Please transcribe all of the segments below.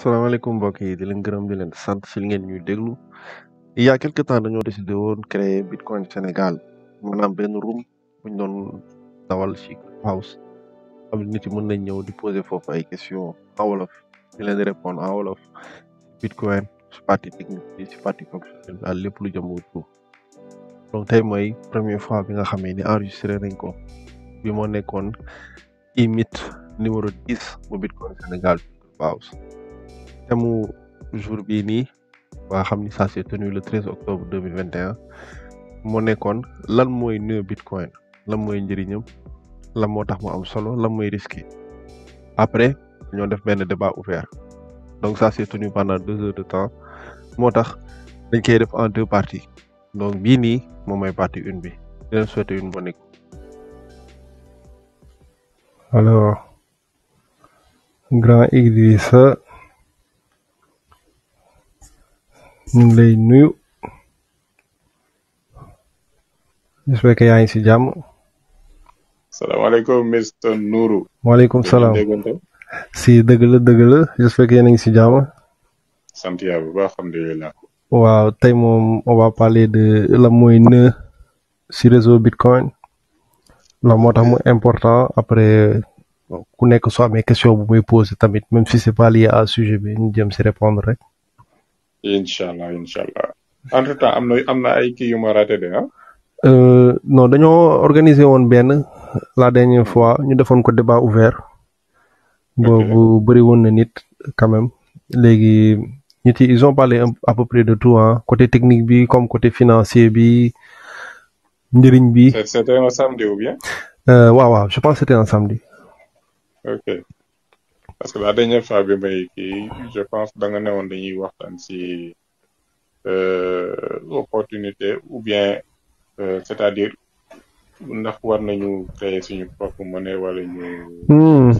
assalamualaikum mbokk yi di leen gërëm di leen sant si ngeen ñuy déglu il y a quelque temps dañu décidé won créer bitcoin sénégal manam ben room buñ doon dawal ci house am nit yi mën nañ ñëw di poser fofu ay question awol of di leen répondre awol of bitcoin ci partie technique ci si partie fonctionnelle daal lépp lu jëm wut donc tay moy première fois bi nga xamé ni enregistrer nañ ko bi mo nekkoon imit numéro 10 bu bitcoin sénégal house thème jour bi ni wa xamni ça c'est tenu le 13 octobre 2021 mo nekkoon lan moy nœud bitcoin lan moy njëriñam lan motax mo am solo lan moy risque après ñoo def ben débat ouvert donc ça c'est tenu pendant 2 heures de temps motax dañ koy def en deux parties donc bi ni mo may partie une bi di leen souhaiter une bonne écoute alors grand Idrissa lay nuyu j'espère que yaa ngi si jàmm salaamaaleykum Mr Nuru. waaleykum salaam si dëgg la dëgg la j'espère que yéen a ngi si jàmm sant yàlla bu baax alhamdulilah waaw tey moom on va parler de la mooy si réseau Bitcoin la moo tax mu important après ku nekk soo amee question bu muy poser tamit même si c'est pas lié à sujet bi ñu jëm si répondre rek inshallah inshallah En tout entre temps am na am na ay kii yu ma raté de ah. Euh, non dañoo organiser woon la dernière fois ñu defoon ko débat ouvert boobu bëri woon na nit quand même léegi ils ont parlé à peu près de tout ah. côté technique bi comme côté financier bi njëriñ c'était un samedi ou bien. waaw euh, waaw je pense que c'était un samedi. ok. parce que la dernière fois bi may kii je pense da nga newoon dañuy waxtaan si euh, opportunité ou bien euh, c'est-à-dire ndax war nañu créer suñu propre monnaie wala ñu. Hmm.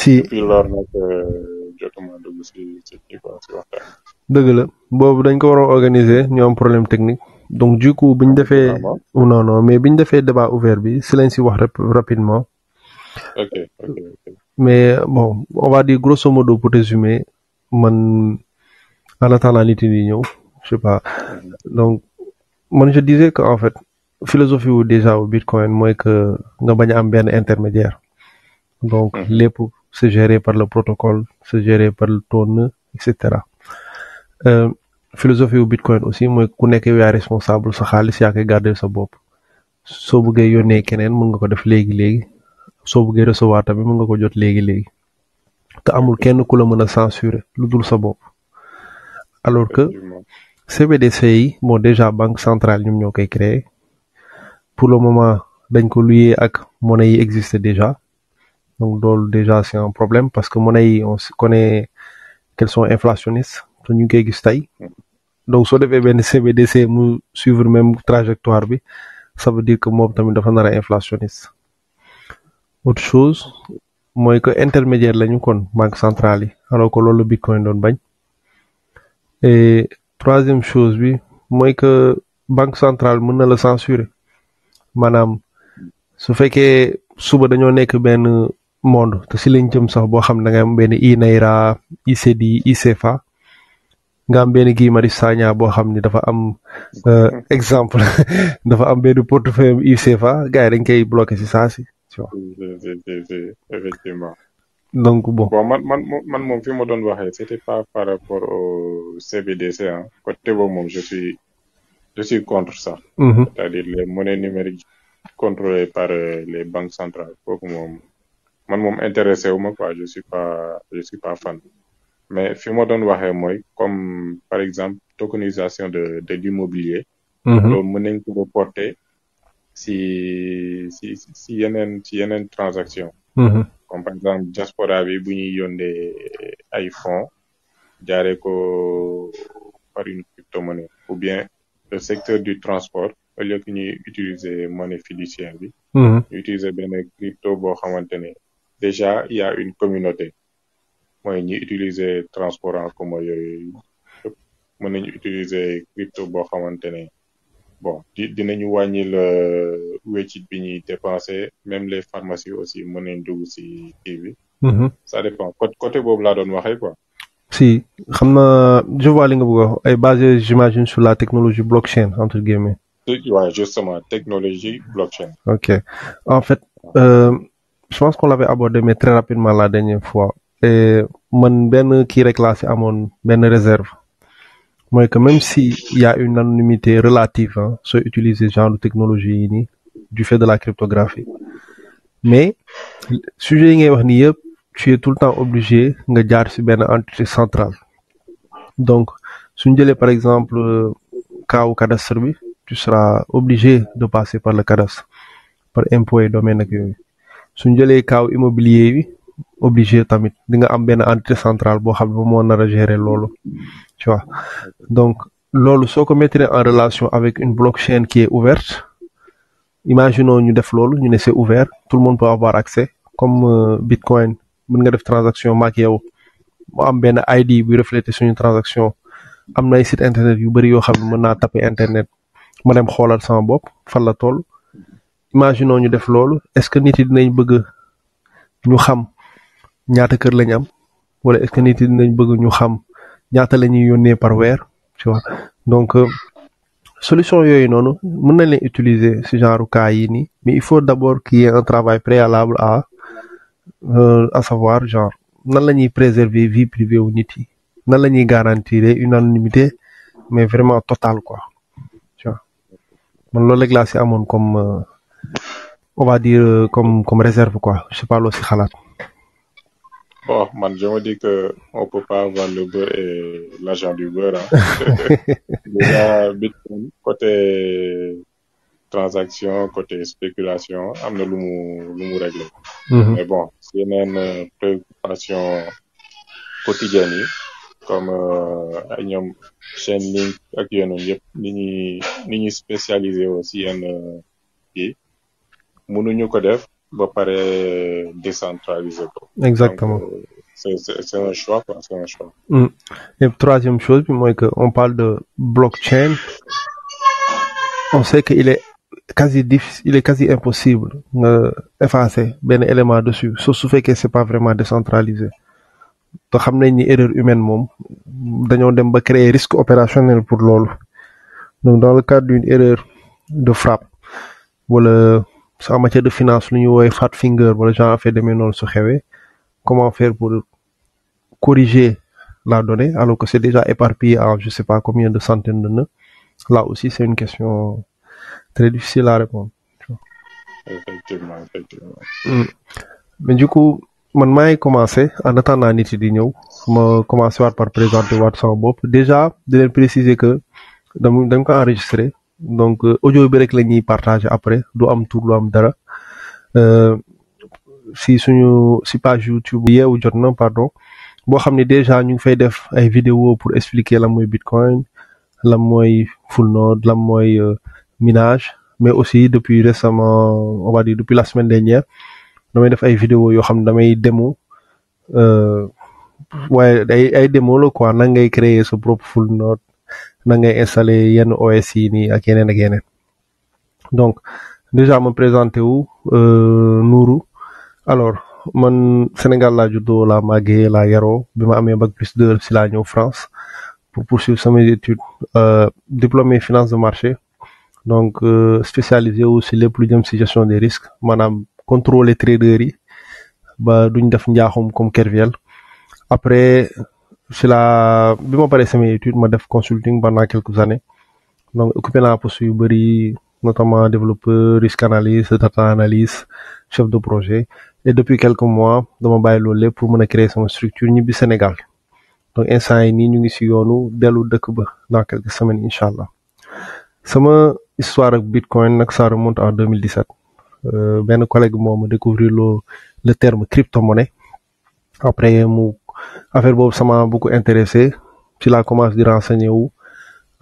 si depuis lor nag euh, jotuma dugg si si kii quoi si waxtaan. dëgg la boobu dañ ko waroon organiser ñu am problème technique. donc du coup biñ defee ah non non mais biñ defee débat ouvert bi si lañ si wax rapidement. ok ok ok. Mais bon, on va dire grosso modo pour résumer, man, à je sais pas. Donc, moi je disais qu'en fait, philosophie ou déjà au Bitcoin, moi que nous avons un intermédiaire. Donc, mm -hmm. c'est géré par le protocole, c'est géré par le tonneau, etc. Euh, philosophie au Bitcoin aussi, moi ku nekk yow responsable sa a yaa garder sa bop soo vous yone keneen mën nga ko def soo que recevoir tamit mën nga ko jot léegi léegi te amul kenn ku la mën a censurer lu dul sa bopp alors que CBDC yi bon une banque centrale ñoom ñoo koy créer pour le moment dañ ko luyee ak monnaie yi existe déjà donc loolu déjà c'est un problème parce que monnaie yi on connaît qu'elles sont inflationnistes te ñu ngi koy gis tey donc soo defee benn CBDC mu suivre même trajectoire bi ça veut dire que moom tamit dafa nar a inflationniste autre chose moy ko intermédiaire lañu kon banque centrale yi alors ko lolu bitcoin don bañ et troisième chose bi moy bank banque centrale mën na la censurer manam su fekkee suba dañoo nek ben monde te si lañ jëm sax bo xam da nga am benn inaira nga am ben Guy Sagna bo xam ni dafa am euh, exemple dafa am ben portefeuille am UCFA dañ kay bloquer ci sasi tu vois. Effectivement. donc bon. bon man man man moom fi ma doon c'était pas par rapport au CBDC Hein. côté boobu moi, je suis je suis contre ça. Mm -hmm. c'est-à-dire les monnaies numériques contrôlées par euh, les banques centrales kooku moi, man moi, intéressé ou ma quoi je suis pas je suis pas fan. mais fi ma doon waxee moi, comme par exemple tokenisation de de l'immobilier. Mm-hmm. loolu monnaie que vous portez si si si yenen ci yeneen transaction mm-hmm. comme par exemple diaspora bi bu ñuy yónnee ay fonds jaaree ko par une cryptomonnaie ou bien le secteur du transport au lieu que ñuy utiliser monnaie fiduciaire bi mm-hmm. ñu utiliser benn crypto boo xamante ne déjà il y a une communauté mooy ñi utiliser transport en commun yooyu mën nañu utiliser crypto boo xamante ne bon di dinañu wàññil euh, weccit bi ñuy dépensé même les pharmacies aussi mën nañ dugg si mm-hmm. ça dépend côté côté boobu laa doon waxee quoi. si xam je vois li nga bëgg ay basé j'imagine sur la technologie blockchain entre guillemets. oui justement technologie blockchain. ok en fait euh, je pense qu'on l'avait abordé mais très rapidement la dernière fois et man benn kii rek laa si benn réserve moi que même s'il y a une anonymité relative hein, sooy utiliser genre de technologie du fait de la cryptographie mais sujet tu es tout le temps obligé de garder ci une entité centrale donc si tu as par exemple de euh, cadastre tu seras obligé de passer par le cadastre par impôt et domaine que tu suñ un d'immobilier immobilier obligé tamit di nga am entité centrale pour xam gérer tu vois donc si on ko en relation avec une blockchain qui est ouverte imaginons ñu def loolu c'est ouvert tout le monde peut avoir accès comme euh, Bitcoin nous nga une transaction nous yow am ID buy refléter une transaction am na site internet yu bëri internet nous dem sama imaginons ñu def est-ce que nous dinañ nous ñu xam ñaata kër lañ am est-ce que nit dinañ bëgg ñu il y gens qui sont yónnee par weer tu vois donc euh, solution yooyu noonu mën nañ leen utiliser ce genre cas yi mais il faut d'abord qu'il y ait un travail préalable à euh, à savoir genre nan la préserver vie privée wu nit yi nan garantir une anonymité mais vraiment totale quoi tu vois man comme euh, on va dire comme comme réserve quoi je sais pas loo si oh man, je me dis que on peut pas avoir le beurre et l'argent du beurre. Hein. Déjà, côté transaction, côté spéculation, on le peut réglé. Mais bon, c'est une euh, préoccupation quotidienne, comme euh, une chaîne Link, qui est une spécialisée aussi, une, qui, nous ko def va paraître décentralisé. exactement euh, c'est un choix mm. et troisième chose puis moi, que on parle de blockchain on sait qu'il est quasi difficile il est quasi impossible d'effacer euh, effacer dessus, élément dessus sauf que ce c'est pas vraiment décentralisé Donc, on erreur humaine nous avons créé un risque opérationnel pour l'OL. donc dans le cadre d'une erreur de frappe voilà, ça, en matière de finance nous avons un fat finger gens genre fait des noonu sur comment faire pour corriger la donnée alors que c'est déjà éparpillé à je ne sais pas combien de centaines de nœuds là aussi c'est une question très difficile à répondre effectivement effectivement. Mm. du coup je vais commencer en attendant nit yi je commencer par présenter WhatsApp. déjà je vais préciser que dans dans enregistré donc euh, audio bi rek la partager après du am tout du am dara euh, si suñu si pas YouTube yeewu ou pardon bo xamni déjà ñu ngi fay def ay pour expliquer la moy Bitcoin la moy full node la mooy euh, minage mais aussi depuis récemment on va dire depuis la semaine dernière damay def ay vidéo yo xam des damay démo ouais ay ay démo quoi nan ngay créer ce propre full node nan ngay installer yenn OS yi nii ak yeneen ak yeneen donc déjà ma présenté wu euh, Nourou alors man Sénégal laa juddoo laa màggee laa yaroo bi ma amee bac plus deux si laa ñëw France pour poursuivre samay études euh, diplômé finance de marché donc euh, spécialisé wu si lépp lu jëm si gestion des risques maanaam contrôler trader yi ba duñ def njaaxum comme Kerviel après c'est la. là bi ma paree études ma def consulting pendant quelques années donc occupé la poste yu notamment développeur risque analyse data analyse chef de projet et depuis quelques mois dama bàyyi loolu lépp pour mon créer sama structure au Sénégal donc instant ni nii ñu ngi si yoonu dellu le ba dans quelques semaines Inch'Allah. c'est sama histoire avec bitcoin ça remonte en 2017 euh, ben collègue moi, ma découvrir le le terme crypto monnaie après mu affaire ça sama beaucoup intéressé ci la commence di renseigner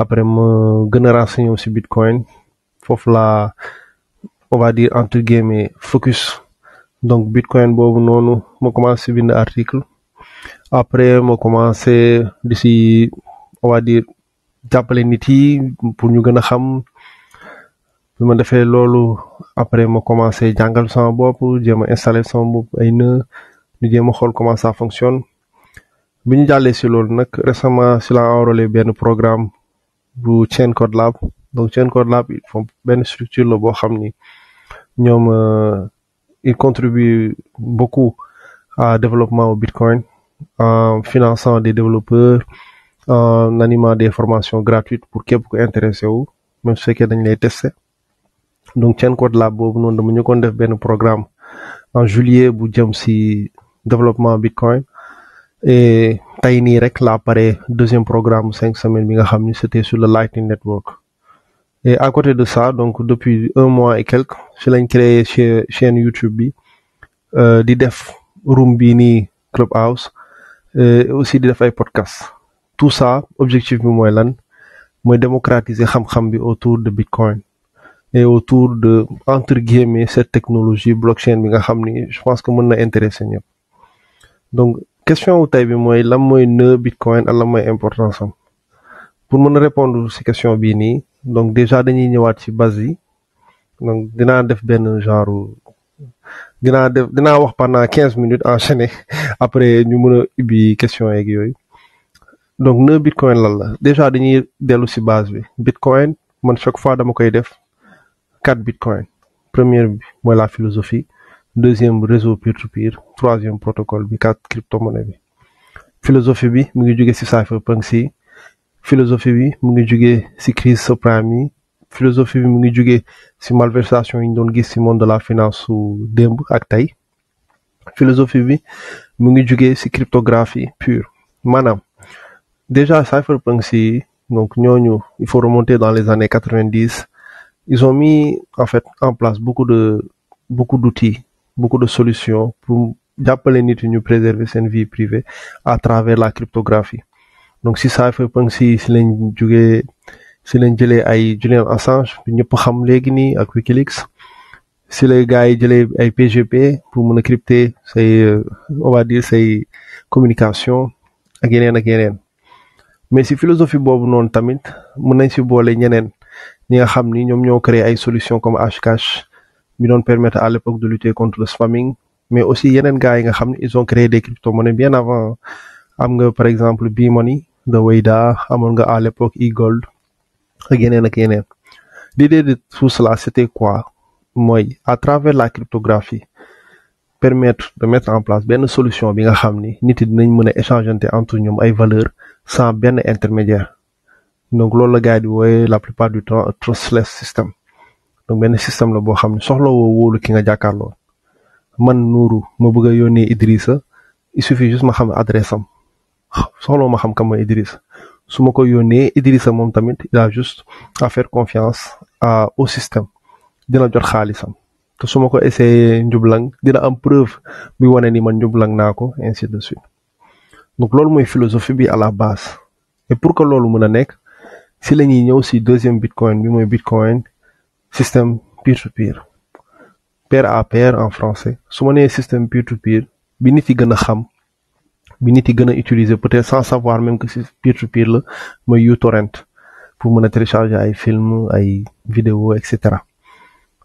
après me gëna bitcoin faut la on va dire entre guillemets focus donc bitcoin Bob nonou ma commencé bind article après ma commencé d'ici on va dire d'appeler nit yi pour ñu gëna xam bi ma après ma commencé jàngal sama bopp jëma a sama ay ñu comment ça fonctionne jàllee si loolu récemment si la enrôlé benn programme bu Chain Code Lab donc Chain Code Lab il font benn structure qui boo xam ni ñoom euh, ils beaucoup à développement au Bitcoin en finançant des développeurs en animant des formations gratuites pour képp qui intéressé wu même su fekkee dañ lay tester donc Chain Code Lab boobu noonu dama ñu def benn programme en juillet bu jëm si développement Bitcoin et tayni rek deuxième programme cinq semaines bi nga c'était sur le Lightning Network et à côté de ça donc depuis un mois et quelques je l'ai créé chaîne YouTube bi euh, di def room Clubhouse et aussi di def ay podcast tout ça objectif de moi, lan démocratiser xam-xam autour de Bitcoin et autour de entre guillemets cette technologie blockchain bi nga je pense que mën na intéresser donc question wu taille bi mooy lan mooy nœud bitcoin à la mooy importance pour me répondre si question bii nii donc déjà dañuy ñëwaat ci base donc dinaa def ben genre dinaa def dinaa wax pendant 15 minutes enchaîné après ñu mën a ubbi question yeeg yooyu donc ne bitcoin lan la déjà dañuy dellu si base bi bitcoin man chaque fois dama koy def 4 bitcoin première bi la philosophie deuxième réseau peer-to-peer troisième protocole bi quatre crypto-monnaie bi philosophie bi mu ngi si ci cypherpunk si philosophie bi mu ngi si crise suprême philosophie bi mu ngi si malversation yi ñu gis monde de la finance ou démb ak philosophie bi mu ngi si cryptographie pure Maintenant, déjà cypherpunk si donc il faut remonter dans les années 90. ils ont mis en fait en place beaucoup de beaucoup d'outils beaucoup de solutions pour d'appeler nit yi ñu préserver cette vie privée à travers la cryptographie donc si ça fait si si lañ jugee si lañ jëlee ay Julian Assange bi nous xam léegi nii ak Wikileaks si les gars yi jëlee ay PGP pour mën crypter say euh, on va dire say communication à yeneen à mais si philosophie bob non tamit mën nañ si boole ñeneen ñi xam ni créé ay solution comme ashcash. Ils doon permettre à l'époque de lutter contre le spamming mais aussi yeneen gars nga xam ils ont créé des crypto-monnaies bien avant am par exemple B-Money de Weida à l'époque e-gold ak ak l'idée de tout cela c'était quoi mooy à travers la cryptographie permettre de mettre en place benn solution bi nga xam ni nit dinañ mën échanger entre ñoom ay valeurs sans benn intermédiaire donc loolu la gars di la plupart du temps trustless system donc ben système la bo xamni soxla wo wolu ki nga jakarlo man nuru ma bëgg yoni idrissa il suffit juste ma xam adresse am soxlo ma xam kam idrissa suma ko yoni idrissa mom tamit il a juste à faire confiance à au système dina jot xaalisam te suma ko essayer njublang dina am preuve bi ni man njublang nako ainsi de suite donc lolu moy philosophie bi à la base et pour que lolu mëna nek si lañuy ñëw si deuxième bitcoin bi moy bitcoin Système peer-to-peer peer à peer en français vous avez un système peer-to-peer bi nit yi gën xam utiliser peut-être sans savoir même que c'est peer-to-peer mais u uTorrent pour me télécharger des films, des vidéos, etc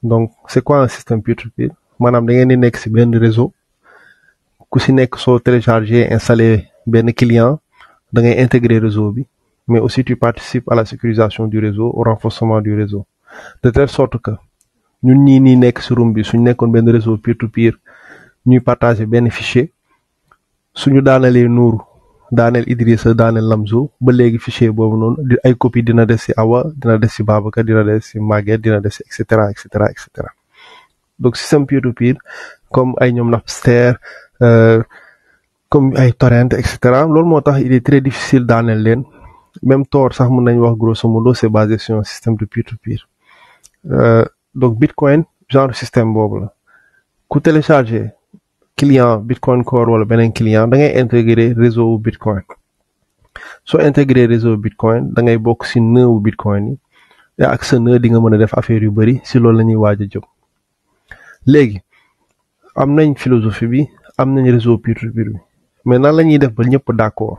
donc c'est quoi un système peer-to-peer maanaam da un di nekk réseau ku si nekk soo télécharger installer client da ngay le réseau mais aussi tu participes à la sécurisation du réseau au renforcement du réseau de telle sorte que nous n'y sommes pas sur room réseau peer to peer nous partager ben fichier suñu daanalee nour daaneel Idrissa nous Lamzo ba légui fichier dina Awa dina dess ci Babacar dina dess ci Maguette dina etc., etc. système peer to peer comme ay Napster euh, comme ay torrent etc. il est très difficile même Tor sax c'est basé sur un système de peer to peer Euh, donc Bitcoin genre système boobu la ku télécharger client Bitcoin Core wala beneen client da ngay intégrer réseau Bitcoin soo intégrer réseau Bitcoin da ngay bokk si nëwu Bitcoin yi ak sa në di nga mën a def affaire yu bëri si loolu la ñuy waaj a jóg léegi am nañ philosophie bi am nañ réseau peer to bi mais nan la ñuy def ba ñëpp d'accord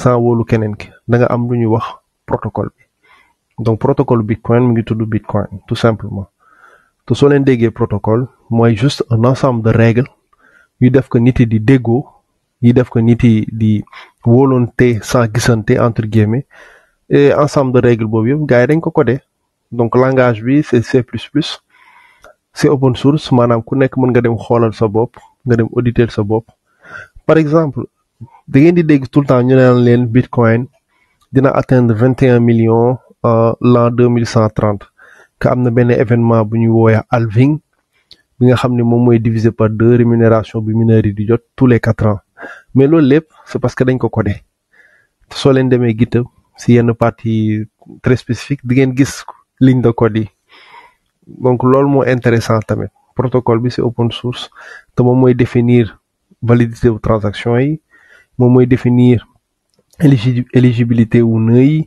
sans wóolu keneen ki danga am lu ñuy wax protocole bi. donc protocole Bitcoin c'est tout du Bitcoin tout simplement te soo leen déggee protocole mooy juste un ensemble de règles yu def ko nit yi di déggoo yu def ko nit di volonté sans gisante entre guillemets et ensemble de règles boobu yëpp gars yi dañ ko donc langage bi c'est C++ c'est open source maanaam ku nekk mën nga dem xoolal sa bopp nga dem auditer sa bopp par exemple da ngeen di dégg tout le temps ñu naan leen Bitcoin dina atteindre 21 millions l'an 2130 quand on a événement à Alving, on a divisé par deux rémunération bi du tous les quatre ans mais le c'est parce que dañ ko si partie très spécifique ligne de code donc c'est intéressant le protocole est open source te définir validité la transaction yi définir éligibilité ou non.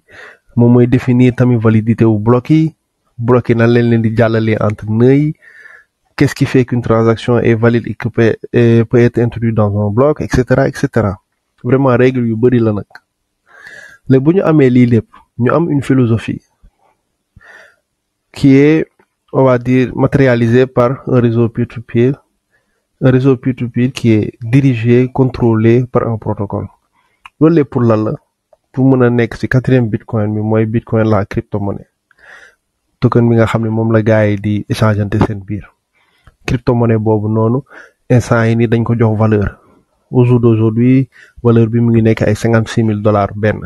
Comment définir tamit validité wu bloc nan lañ leen di entre nœuds qu'est-ce qui fait qu'une transaction est valide et euh, peut, être introduite dans un bloc etc. cetera vraiment règle yu la règle est très amé li lepp ñu am une philosophie qui est on va dire matérialisée par un réseau peer-to-peer un réseau peer-to-peer qui est dirigé contrôlé par un protocole lolé pour la la pour mëna nek ci 4e bitcoin mi moy bitcoin la crypto monnaie token bi nga xamni mom la gaay di échangeanté sen bir crypto monnaie bobu nonu instant yi ni dañ ko jox valeur aujourd'hui valeur bi mi ngi nek ay 56000 dollars ben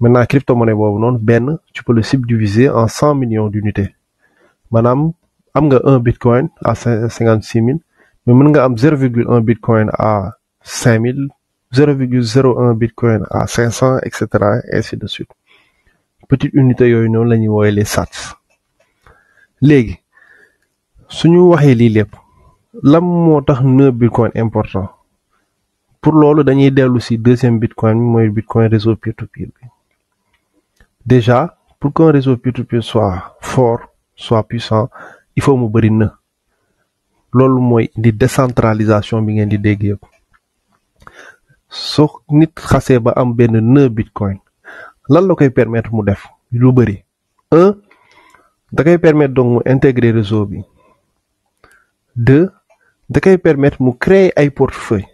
maintenant crypto monnaie bobu non ben tu peux le subdiviser en 100 millions d'unités manam am nga 1 bitcoin à 56000 mais mën nga am 0,1 bitcoin à 5000 0,01 bitcoin à 500 etc et ainsi de suite petite unité yooyu non, la ñuy et les sats léegi suñu nous voyons c'est que nous avons bitcoin important pour loolu dañuy dellu si deuxième bitcoin bi bitcoin réseau peer to peer déjà pour qu'un réseau peer to peer soit fort soit puissant il faut mu bëri na loolu mooy une décentralisation bi ngeen di soo nit xasee ba am benn bitcoin lan la koy permettre mu def lu bëri un da koy permettre donc mu intégrer réseau bi deux da permettre mu créer un portefeuille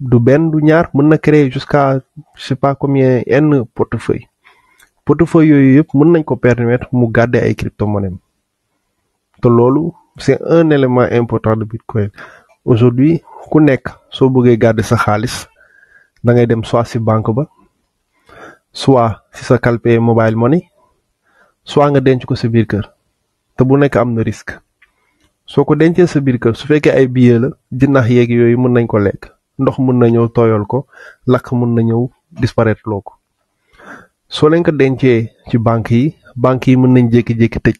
du benn du ñaar na créer jusqu'à je sais pas combien n portefeuille portefeuille yooyu yëpp mën nañ ko permettre mu garder ay crypto te c'est un élément important de bitcoin aujourd'hui ku nekk soo bëggee garder sa xaalis da ngay dem soit si banque ba soit si sa calpe mobile money soit nga denc ko sa biir kër te bu nekk am na risque soo ko dencee sa biir kër su fekkee ay billet la jinax yeeg yooyu mën nañ ko lekk ndox mën na ñëw toyol ko lakk mën na ñëw disparaître loo ko soo leen ko dencee ci banque yi banque yi mën nañ jékki-jékki tëj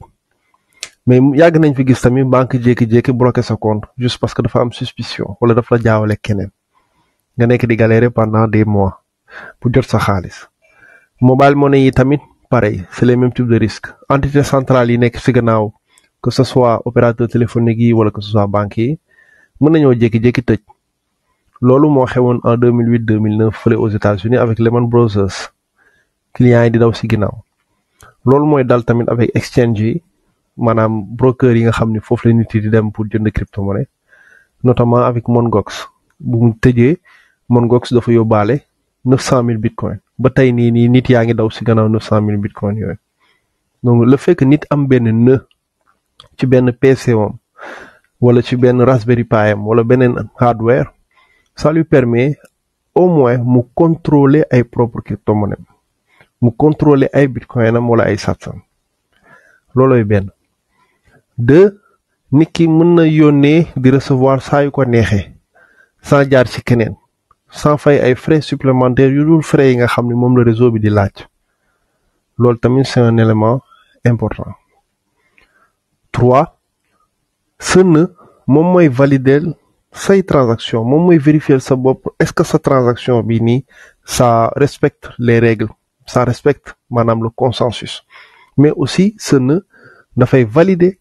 mais yàgg nañ fi gis tamit banque jékki-jékki bloqué sa compte juste parce que dafa am suspicion wala dafa la jaawale keneen nga nekk di galérer pendant des mois pour jot sa xaalis mobile money yi tamit pareil c'est les mêmes types de risques entité centrale yi nekk ci gannaaw que ce soit opérateur téléphonique yi wala que ce soit banque yi mën nañoo jékki-jékki tëj loolu moo xewoon en 2008 2009 fële aux États-Unis avec Lehman Brothers clients yi di daw ci ginnaaw loolu mooy dal tamit avec exchange yi manam broker yi nga xamni ni la nit di dem pour jënd crypto-monnaie notamment avec Mongox bu mu tejé Mongox dafa yóbbaale 900000 900 000 bitcoin ba tay ni nii nit yaangi daw ci bitcoin donc le fait que nit am un ne ci PC wam wala ci Raspberry Pi ou wala hardware ça lui permet au moins mu contrôler ay propre crypto monnaies mu contrôler ay bitcoin am wala ay satam loloy de nit ki mën na yónnee di recevoir saa yu ko neexee sans jaar ci keneen sans fay ay frais supplémentaires yu dul frais yi nga xam ne moom la réseau bi di laaj loolu tamit c'est un élément important trois ce nœud moom mooy valider say transaction moom mooy vérifier sa bopp est-ce que sa transaction bi nii ça respecte les règles ça respecte maanaam le consensus mais aussi sa nœud dafay valider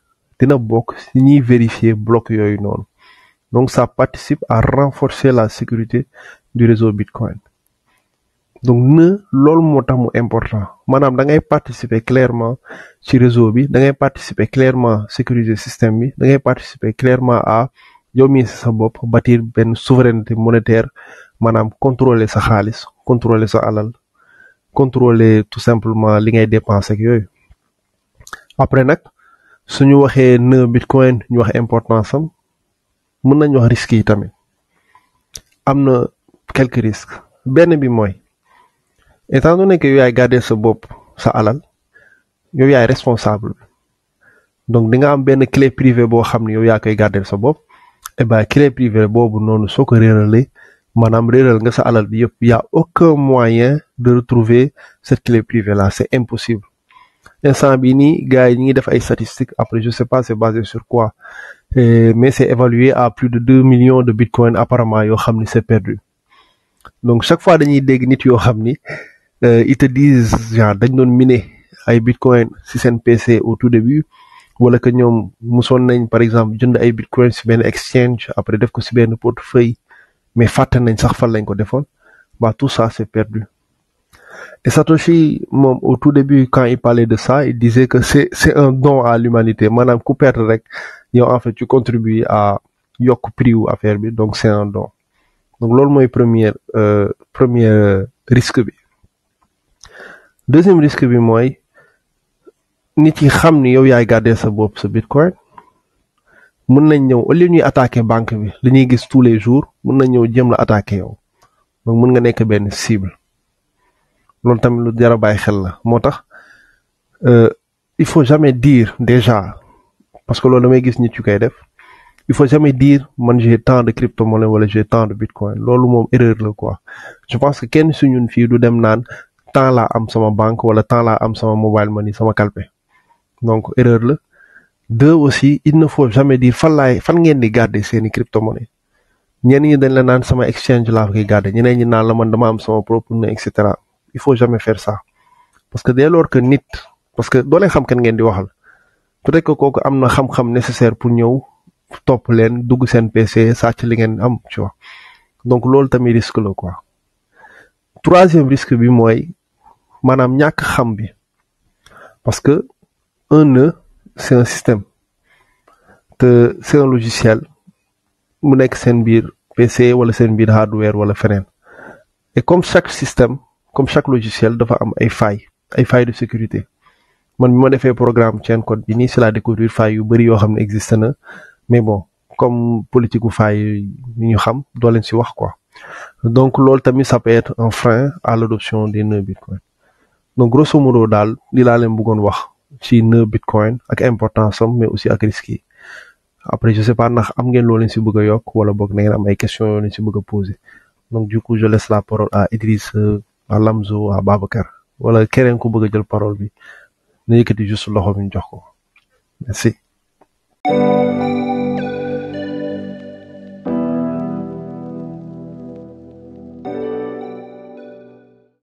dina ni vérifier bloc yooyu noonu donc ça participe à renforcer la sécurité du réseau Bitcoin donc ne loolu moo important Madame, da ngay participer clairement ci réseau bi da ngay participer clairement sécuriser système bi da ngay participer clairement à la bâtir souveraineté monétaire maanaam contrôler sa xaalis contrôler sa alal contrôler tout simplement li ngay dépenser ak après nag suñu waxee ne bitcoin ñu wax importance am mën nañ wax risque yi tamit am na quelques risques benn bi mooy étant donné que yow yaay garder sa bopp sa alal yow yaay responsable donc di nga am benn clé privée boo xam ne yow yaa koy garder sa bopp et eh bien clé privée boobu noonu soo ko réeralee maanaam réeral nga sa alal bi yëpp y' a aucun moyen de retrouver cette clé privée là c' est impossible instant bi ni gars des def ay statistiques après je sais pas c'est basé sur quoi euh, mais c'est évalué à plus de 2 millions de bitcoin apparemment yo xamni c'est perdu donc chaque fois dañuy dégg nit yo xamni euh, ils te disent genre dañ doon miner ay bitcoin si un PC au tout début wala que ñom musoon nañ par exemple jënd ay bitcoin ci ben exchange après def ko ci ben portefeuille mais fàtte nañ sax fan lañ ko bah tout ça c'est perdu et Satoshi, au tout début quand il parlait de ça il disait que c'est un don à l'humanité Madame Cooper, perte rek en fait tu contribues à ce prix affaire donc c'est un don donc c'est le euh, premier risque deuxième risque bi que nit yi xamni ni yow yaay garder sa bitcoin mën nañ ñëw au ñuy attaquer banque bi li ñuy tous les jours mën nañ ñëw jëm la attaquer yow donc mën nga nekk cible loolu tamit lu jar a bàyyi xel la moo tax euh, il faut jamais dire déjà parce que loolu damay gis nit yu koy def il faut jamais dire man j'ai tant de crypto-monnaie wala j'ai tant de bitcoin loolu moom erreur la quoi je pense que kenn su ñun fii du dem naan tant laa am sama banque wala tant laa am sama mobile money sama kalpe donc erreur la deux aussi il ne faut jamais dire fan laay fan ngeen di garder ses crypto-monnaie ñenn ñi dañ la naan sama exchange laa koy garder ñeneen ñi naan la man dama am sama propre et cetera il faut jamais faire ça parce que dès lors que nit parce que dans les xam ken ngeen di waxal peut-être que kooku amna xam-xam nécessaire pour nous top len dugg sen PC sacc li ngeen am tu vois donc loolu tamit risque le quoi troisième risque bi moy n'y ñak xam bi parce que un nœud c'est un système c'est un logiciel mu ex seen bir PC wala seen bir hardware le frein et comme chaque système comme chaque logiciel dafa am ay failles ay failles de sécurité man bi fait defee programme chain code bi nii si laa découvrir failles qui bëri yoo xam ne na mais bon comme politique ou failles yi ñu xam doo leen si wax quoi donc loolu ça peut être un frein à l'adoption des nœuds bitcoin donc grosso modo daal li laa leen bëggoon wax ci nœud bitcoin ak importance am mais aussi ak risque après je sais pas ndax am ngeen loo leen si bëgg a yokk wala boog na ay questions yoo leen si bëgg poser donc du coup je laisse la parole à Idriss. Euh, Lamzo waa Babacar wala kereen ku bëgg a jël parol bi na yëkkati juste loxo bi ñu jox ko